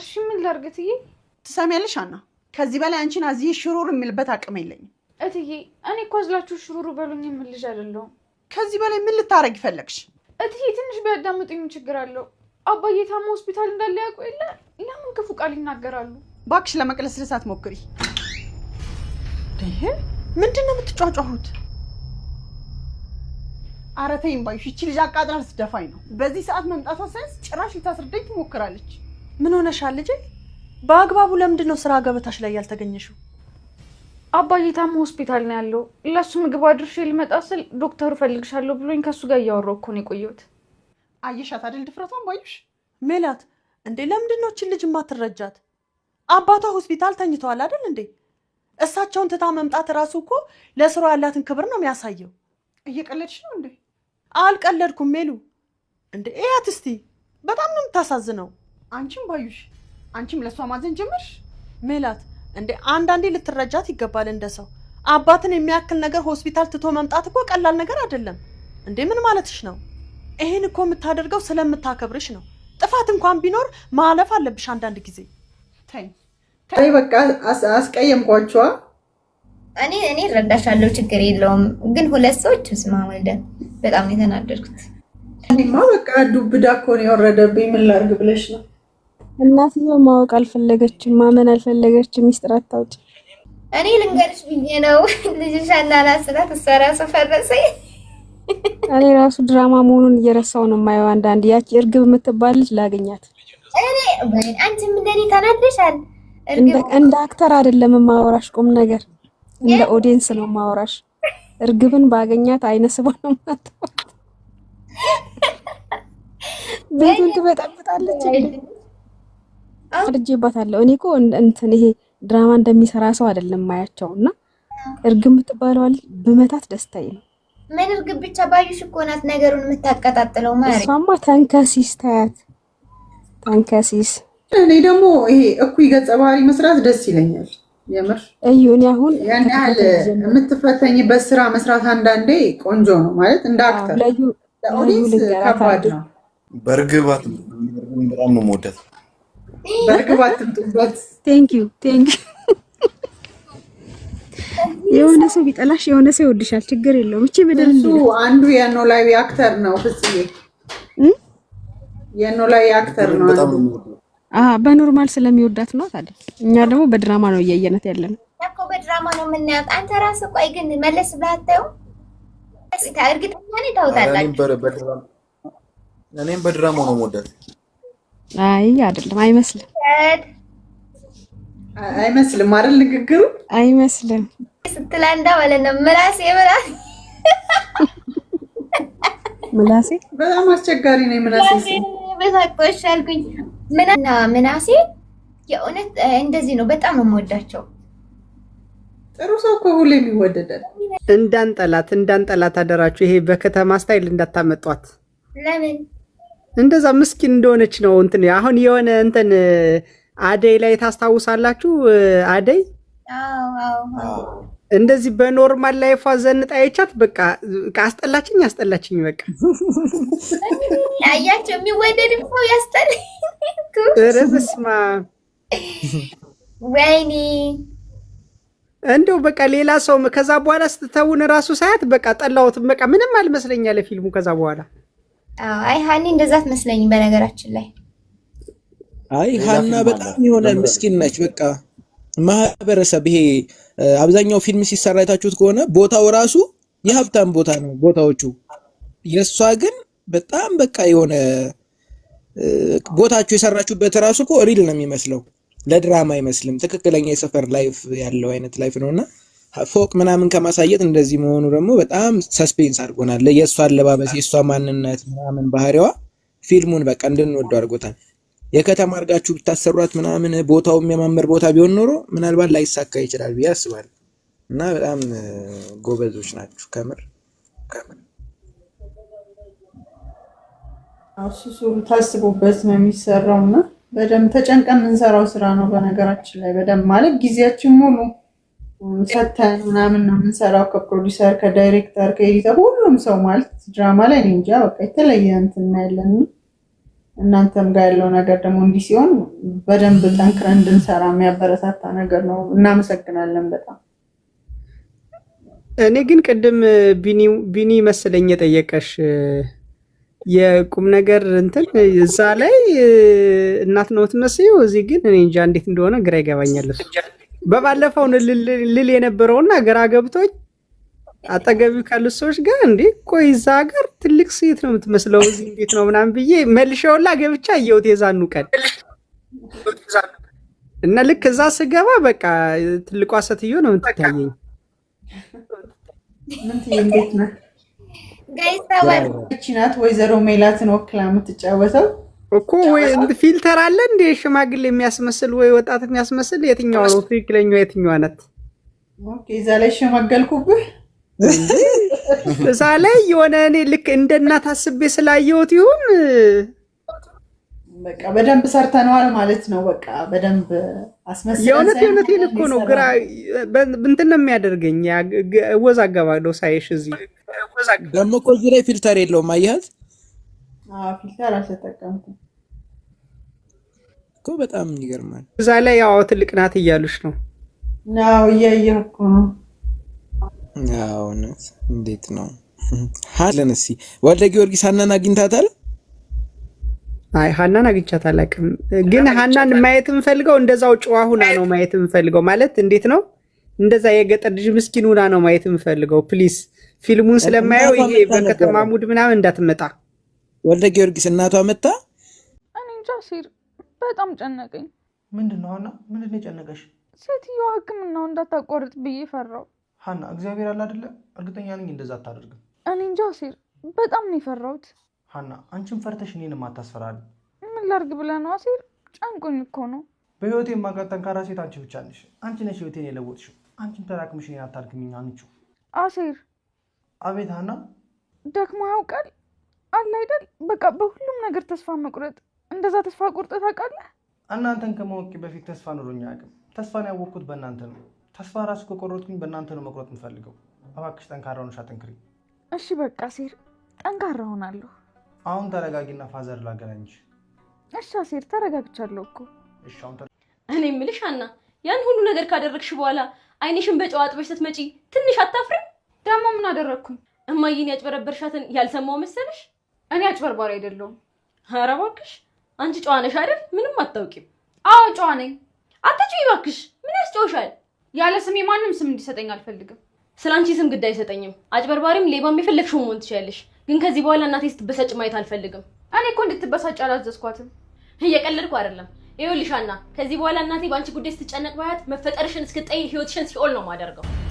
እሺ ምን ላድርግ እትዬ? ትሰሚያለሽ አና፣ ከዚህ በላይ አንቺን አዝዬ ሽሩር የሚልበት አቅም የለኝም እትዬ። እኔ እኮ አዝላችሁ ሽሩሩ በሉኝ የምል ልጅ አይደለሁም። ከዚህ በላይ ምን ልታረግ ይፈለግሽ? እትዬ ትንሽ ቢያዳምጡኝ ችግር አለው? አባዬ ታማ ሆስፒታል እንዳለ ያውቁ የለ ለምን ክፉ ቃል ይናገራሉ? ባክሽ ለመቅለስ ልሳት ሞክሪ። ይሄ ምንድን ነው የምትጫጫሁት? አረተኝ ባይሽ፣ ይቺ ልጅ አቃጥላ ስደፋኝ ነው። በዚህ ሰዓት መምጣቷ ሳይንስ ጭራሽ ልታስርደኝ ትሞክራለች። ምን ሆነሻል ልጄ? በአግባቡ ለምንድን ነው ስራ ገበታሽ ላይ ያልተገኘሽው? አባዬ ታሞ ሆስፒታል ነው ያለው። ለሱ ምግብ አድርሼ ልመጣ ስል ዶክተሩ ፈልግሻለሁ ብሎኝ ከሱ ጋር እያወራሁ እኮ ነው የቆየሁት። አየሻት አይደል ድፍረቷን። ባዩሽ ሜላት፣ እንዴ ለምንድን ነው ልጅ ማትረጃት? አባቷ ሆስፒታል ተኝተዋል አይደል እንዴ? እሳቸውን ትታ መምጣት እራሱ እኮ ለስራ ያላትን ክብር ነው የሚያሳየው። እየቀለድሽ ነው እንዴ? አልቀለድኩም ሜሉ። እንዴ እያት እስቲ በጣም ነው የምታሳዝነው። አንቺም ባዩሽ፣ አንቺም ለእሷ ማዘን ጀመርሽ ሜላት። እንዴ አንዳንዴ ልትረጃት ይገባል። እንደ ሰው አባትን የሚያክል ነገር ሆስፒታል ትቶ መምጣት እኮ ቀላል ነገር አይደለም። እንዴ ምን ማለትሽ ነው? ይሄን እኮ የምታደርገው ስለምታከብርሽ ነው። ጥፋት እንኳን ቢኖር ማለፍ አለብሽ አንዳንድ ጊዜ። ተይ በቃ አስቀየምኳቸዋ። እኔ እኔ እረዳሻለሁ፣ ችግር የለውም ግን ሁለት ሰዎች ስማ ወልደን በጣም ነው የተናደድኩት። እኔማ በቃ ዱብዳ እኮ ነው የወረደብኝ። ምን ላድርግ ብለሽ ነው እናትየው ማወቅ አልፈለገችም፣ ማመን አልፈለገችም። ሚስጥር አታውጭ። እኔ ልንገርሽ ብዬ ነው ልጅሽ አናናስ ናት። እሷ እራሱ ፈረሰ። እኔ ራሱ ድራማ መሆኑን እየረሳው ነው የማየው። አንዳንድ ያቺ እርግብ የምትባል ልጅ ላገኛት። እኔ አንቺም እንደኔ ተናደሻል። እንደ አክተር አይደለም ማወራሽ፣ ቁም ነገር እንደ ኦዲየንስ ነው ማወራሽ። እርግብን ባገኛት አይነ ስባ ነው ማታ ቤቱን ትበጠብጣለች። ቀድጄባታለሁ። እኔ እኮ እንትን ይሄ ድራማ እንደሚሰራ ሰው አይደለም ማያቸው እና እርግብ የምትባለዋል ብመታት ደስታዬ ነው። ምን እርግብ ብቻ ባዩሽ እኮ ናት ነገሩን የምታቀጣጥለው። ማለት እሷማ ተንከሲስ ታያት ተንከሲስ። እኔ ደግሞ ይሄ እኩይ ገጸ ባህሪ መስራት ደስ ይለኛል። የምር እኔ አሁን ያን ያህል የምትፈተኝበት ስራ መስራት አንዳንዴ ቆንጆ ነው ማለት እንደ አክተር ለኦዲንስ ከባድ ነው። በእርግባት በጣም ነው መወደት በርግብ አትምጡበት። የሆነ ሰው ቢጠላሽ የሆነ ሰው ይወድሻል። ችግር የለውም። እቺ ምድር እሱ አንዱ አክተር ነው ፍጽዬ አክተር ነው አዎ በኖርማል ስለሚወዳት ነው ታዲያ። እኛ ደግሞ በድራማ ነው እያየናት ያለ ነው እኮ በድራማ ነው የምናያት። አንተ ራስህ ቆይ ግን መለስ ብለህ እርግጠኛ ነኝ ታውጣላችሁ። እኔም በድራማ ነው የምወዳት አይ አይደለም፣ አይመስልም፣ አይመስልም አይደል? ንግግሩ አይመስልም ስትል አንዳ ማለት ነው። ምላሴ ምላሴ ምላሴ በጣም አስቸጋሪ ነው። ምላሴ በሳቆሽ ምናና ምናሴ የእውነት እንደዚህ ነው። በጣም የምወዳቸው ጥሩ ሰው እኮ ሁሌም ይወደዳል። እንዳንጠላት እንዳንጠላት አደራችሁ። ይሄ በከተማ ስታይል እንዳታመጧት ለምን እንደዛ ምስኪን እንደሆነች ነው እንትን አሁን የሆነ እንትን አደይ ላይ ታስታውሳላችሁ? አደይ እንደዚህ በኖርማል ላይፏ ዘንጣ አይቻት በቃ አስጠላችኝ አስጠላችኝ። በቃ አያቸው የሚወደድ ሰው ያስጠል ርብስማ ወይኔ እንደው በቃ ሌላ ሰው ከዛ በኋላ ስትተውን እራሱ ሳያት በቃ ጠላሁትም። በቃ ምንም አልመስለኛ ለፊልሙ ከዛ በኋላ አይ ሀኒ እንደዛ ትመስለኝ በነገራችን ላይ አይ ሀና በጣም የሆነ ምስኪን ነች። በቃ ማህበረሰብ ይሄ አብዛኛው ፊልም ሲሰራ የታችሁት ከሆነ ቦታው ራሱ የሀብታም ቦታ ነው ቦታዎቹ። የእሷ ግን በጣም በቃ የሆነ ቦታችሁ የሰራችሁበት ራሱ እኮ ሪል ነው የሚመስለው፣ ለድራማ አይመስልም። ትክክለኛ የሰፈር ላይፍ ያለው አይነት ላይፍ ነው እና ፎቅ ምናምን ከማሳየት እንደዚህ መሆኑ ደግሞ በጣም ሰስፔንስ አድርጎናል። የእሷ አለባበስ፣ የእሷ ማንነት ምናምን ባህሪዋ ፊልሙን በቃ እንድንወዱ አድርጎታል። የከተማ አድርጋችሁ ብታሰሯት ምናምን ቦታው የሚያማምር ቦታ ቢሆን ኖሮ ምናልባት ላይሳካ ይችላል ብዬ አስባለሁ። እና በጣም ጎበዞች ናችሁ ከምር ከምር። እሱ ታስቦበት ነው የሚሰራው እና በደንብ ተጨንቀን የምንሰራው ስራ ነው። በነገራችን ላይ በደንብ ማለት ጊዜያችን ሙሉ ሰተን ምናምን ነው የምንሰራው ከፕሮዲሰር ከዳይሬክተር ከኤዲተር ሁሉም ሰው ማለት ድራማ ላይ እኔ እንጃ በቃ የተለየ እንትን ያለን እናንተም ጋር ያለው ነገር ደግሞ እንዲህ ሲሆን በደንብ ጠንክረን እንድንሰራ የሚያበረታታ ነገር ነው። እናመሰግናለን በጣም። እኔ ግን ቅድም ቢኒ መሰለኝ የጠየቀሽ የቁም ነገር እንትን እዛ ላይ እናት ነው የምትመስይው፣ እዚህ ግን እኔ እንጃ እንዴት እንደሆነ ግራ ይገባኛል እሱ በባለፈው ልል የነበረውና ግራ ገብቶኝ አጠገቢ ካሉት ሰዎች ጋር እንዴ ቆይ እዛ ሀገር ትልቅ ሴት ነው የምትመስለው እዚህ እንዴት ነው ምናምን ብዬ መልሸውላ ገብቻ እየውት የዛኑ ቀን እና ልክ እዛ ስገባ በቃ ትልቋ ሴትዮ ነው የምትታየኝ። ናት ወይዘሮ ሜላትን ወክላ የምትጫወተው እኮ ወይ ፊልተር አለ እንደ ሽማግሌ የሚያስመስል ወይ ወጣት የሚያስመስል የትኛው ነው ትክክለኛው? የትኛዋ ናት? እዛ ላይ ሸመገልኩብህ። እዛ ላይ የሆነ እኔ ልክ እንደ እናት አስቤ ስላየሁት ይሁን በቃ በደንብ ሰርተነዋል ማለት ነው። በቃ በደንብ አስመስል። የእውነት የእውነቴን እኮ ነው። ግራ እንትን ነው የሚያደርገኝ። እወዛገባለሁ ሳይሽ እዚህ ደግሞ እዚህ ላይ ፊልተር የለውም አየኸት ፊልተር አልተጠቀምኩም እኮ በጣም ይገርማል። እዛ ላይ ያው ትልቅ ናት እያሉች ነው ነው እያየሁ ነው። እንዴት ነው ሀለን እስኪ ወልደ ጊዮርጊስ ሀናን አግኝታታል? አይ ሀናን አግኝቻት አላውቅም፣ ግን ሀናን ማየት የምፈልገው እንደዛው ጨዋ ሁና ነው ማየት የምፈልገው። ማለት እንዴት ነው እንደዛ የገጠር ልጅ ምስኪን ሁና ነው ማየት የምፈልገው። ፕሊስ ፊልሙን ስለማየው ይሄ በከተማ ሙድ ምናምን እንዳትመጣ ወልደ ጊዮርጊስ እናቷ መታ። እኔ እንጃ ሲር በጣም ጨነቀኝ። ምንድን ነው ሀና? ምንድን ነው የጨነቀሽ? ሴትዮዋ ሕክምናው እንዳታቋርጥ ብዬ ፈራው። ሀና እግዚአብሔር አለ አይደለ? እርግጠኛ ነኝ እንደዛ አታደርግም። እኔ እንጃ ሲር በጣም ነው የፈራሁት። ሀና አንቺም ፈርተሽ እኔንም አታስፈራል። ምን ላርግ ብለህ ነው ሲር? ጨንቆኝ እኮ ነው። በህይወቴ የማውቃት ጠንካራ ሴት አንቺ ብቻ ነሽ። አንቺ ነሽ ህይወቴን የለወጥሽው። አንቺም ተራክምሽ እኔን አታድክሚኝ አንቺው። አሴር። አቤት ሀና፣ ደክሞ ያውቃል አለ አይደል? በቃ በሁሉም ነገር ተስፋ መቁረጥ። እንደዛ ተስፋ ቁርጠ ታውቃለህ? እናንተን ከማወቂ በፊት ተስፋ ኑሮኛ አያውቅም። ተስፋን ያወቅኩት በእናንተ ነው። ተስፋ ራሱ ከቆረጥኩኝ በእናንተ ነው መቁረጥ የምፈልገው። እባክሽ ጠንካራ ሆነሽ አትንክሪ። እሺ በቃ ሴር፣ ጠንካራ ሆናለሁ። አሁን ተረጋጊና ፋዘር ላገናኝሽ። እሺ ሴር፣ ተረጋግቻለሁ እኮ። እኔ የምልሽ አና፣ ያን ሁሉ ነገር ካደረግሽ በኋላ አይንሽን በጨው አጥበሽ ስትመጪ ትንሽ አታፍሪም? ደግሞ ምን አደረግኩኝ? እማዬን ያጭበረበርሻትን ያልሰማው መሰለሽ? እኔ አጭበርባሪ አይደለሁም። ኧረ እባክሽ አንቺ ጨዋ ነሽ አይደል? ምንም አታውቂም። አዎ ጨዋ ነኝ። አትጩይ እባክሽ፣ ምን ያስጨውሻል? ያለ ስሜ ማንም ስም እንዲሰጠኝ አልፈልግም። ስለ አንቺ ስም ግድ አይሰጠኝም። አጭበርባሪም፣ ሌባም የፈለግሽው መሆን ትችያለሽ። ግን ከዚህ በኋላ እናቴ ስትበሳጭ ማየት አልፈልግም። እኔ እኮ እንድትበሳጭ አላዘዝኳትም። እየቀለድኩ አይደለም። ይኸውልሽ ሀና፣ ከዚህ በኋላ እናቴ በአንቺ ጉዳይ ስትጨነቅ ባያት መፈጠርሽን እስክጠይ ህይወትሽን ሲኦል ነው የማደርገው።